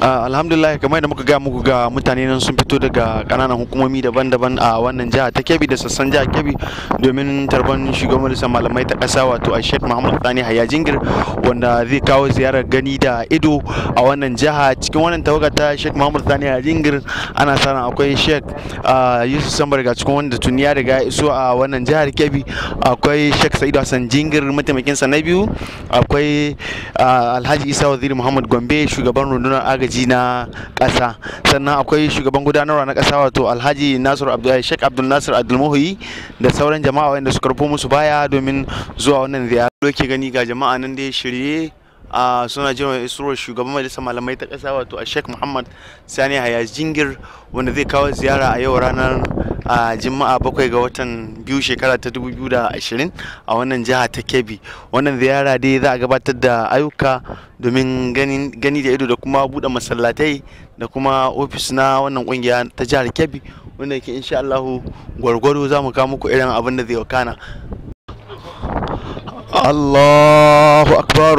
Ah, alhamdulillah kamar yadda muka ga muku ga mutane nan sun fito daga kananan hukumomi daban-daban a wannan jiha ta kebi da sassan jiha kebi domin tarban shugaban majalisar malamai ta kasa wato a sheikh muhammad sani haya jingir wanda zai kawo ziyarar gani da ido a wannan jiha cikin wannan tawaga ta sheikh muhammad sani haya jingir ana sanar akwai sheikh ah, yusuf sambar ga cikin wanda tuni ya riga iso a wannan jihar kebi akwai sheikh sa'idu hassan jingir mataimakinsa na biyu akwai ah, alhaji isa waziri muhammad gombe shugaban rundunar agaji agaji na ƙasa sannan akwai shugaban gudanarwa na ƙasa wato alhaji Nasir abdullahi sheikh abdul nasir abdul muhi da sauran jama'a wanda suka rufo musu baya domin zuwa wannan ziyara doke gani ga jama'a nan da ya shirye a suna jiran isuwar shugaban majalisar malamai ta ƙasa wato a shek muhammad sani hayas jingir wanda zai kawo ziyara a yau ranar a juma'a bakwai ga watan biyu shekara ta ashirin a wannan jiha ta kebbi wannan ziyara dai za a gabatar da ayyuka domin gani da ido da kuma buɗe masallatai da kuma ofis na wannan kungiya ta jihar kebbi wanda yake insha allahu gwargwaro za mu kawo muku irin abin da zai wakana Allahu akbar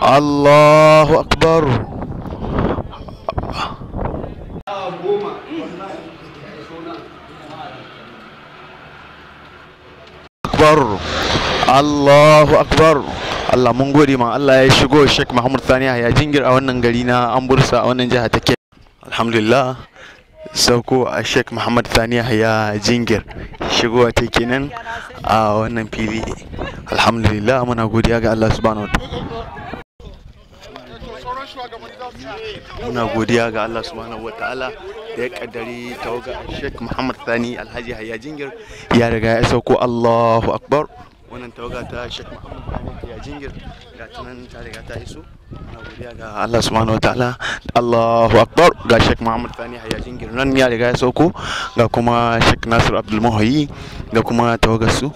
Allahu akbar akbar Allahu akbar Allah mun gode ma Allah ya shigo Sheikh Muhammad Sani ya jingir a wannan gari na an bursa a wannan jiha take Alhamdulillah sauko a Sheikh Muhammad Sani ya jingir shigo a ta nan a wannan fili Alhamdulillah muna godiya ga Allah subhanahu wa ta'ala muna godiya ga Allah subhanahu wataala da ya kaddari tawaga Sheikh Muhammad Sani Alhaji Hayya Jingir ya riga ya sauko Allahu Akbar wannan tawaga ta Sheikh Muhammad Sani Hayya Jingir ga tunan ta riga ta iso muna godiya ga Allah subhanahu wataala Allahu Akbar ga Sheikh Muhammad Sani Hayya Jingir nan ya riga ya sauko ga kuma Sheikh Nasir Abdul Muhayyi ga kuma tawagar su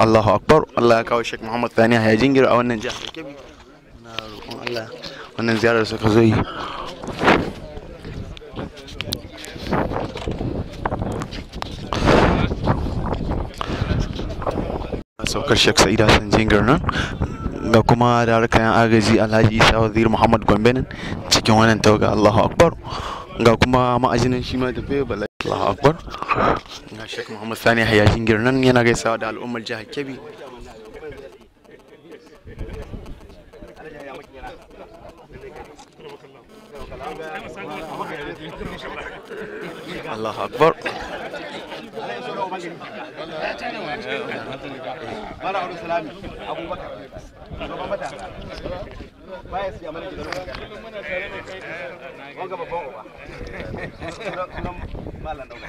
Allahu Akbar Allah ya kawo Sheikh Muhammad Sani Hayya Jingir a wannan jihar Kebbi Allah wannan ziyarar suka zo yi saukar shek sa'ida san jingar nan ga kuma da harkayan agaji alhaji isa wazir muhammad Gombe nan cikin wannan tauga allahu akbar ga kuma ma'ajinan shi ma tafiya bala allahu akbar ga shek muhammad sani hayashin girnan yana gaisawa da al'ummar jihar kebbi الله أكبر Wanga babban uba.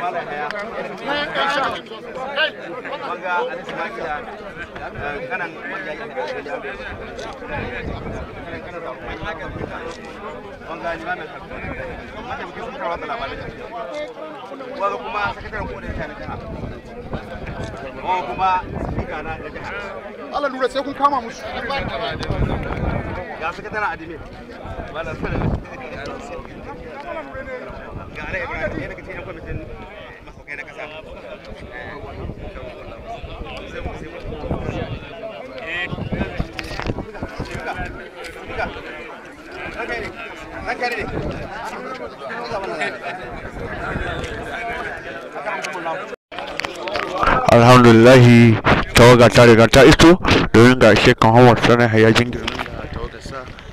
wanda kuma sakataren kodin Allah lura sai kun kama musu ga sakataren ba da sanar Eh, alhamdulillahi tawaga ta riga ta iso domin ga shekan howard sanar hayajin girma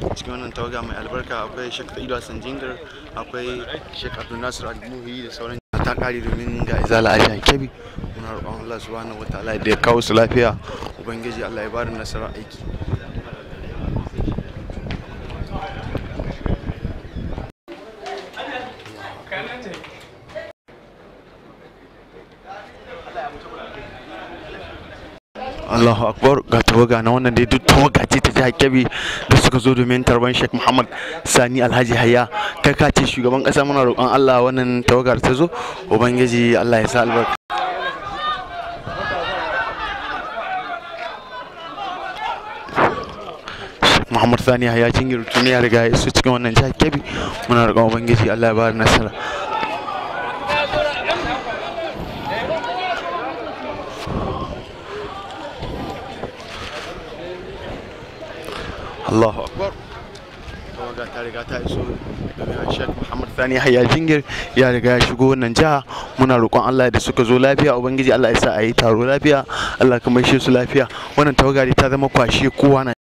cikin wannan tawaga mai albarka akwai shek fa'ilu hassan jingar akwai shek abdul nasir al-muhi da sauran ta kare domin ga izala a kebi muna roƙon allah subhanahu wa ta'ala da ya kawo su lafiya ubangiji allah ya ba da nasara aiki Allahu akbar ga tawaga na wannan da duk tawaga ce ta jihar Kebbi suka zo domin tarban Sheikh Muhammad Sani Alhaji Hayya kai ka ce shugaban kasa muna roƙon Allah wannan tawagar ta zo ubangiji Allah ya sa albarka Muhammad Sani Hayya cin girtu ne ya riga ya su cikin wannan jakebi muna roƙon ubangiji Allah ya ba nasara Allahu akbar tawaga ta riga ta iso domin Sheikh Muhammad Sani Hayya Jingir ya riga ya shigo wannan jiha muna roƙon Allah da suka zo lafiya ubangiji Allah ya sa a yi taro lafiya Allah ka maishe su lafiya wannan tawagari ta zama kwashe kowa na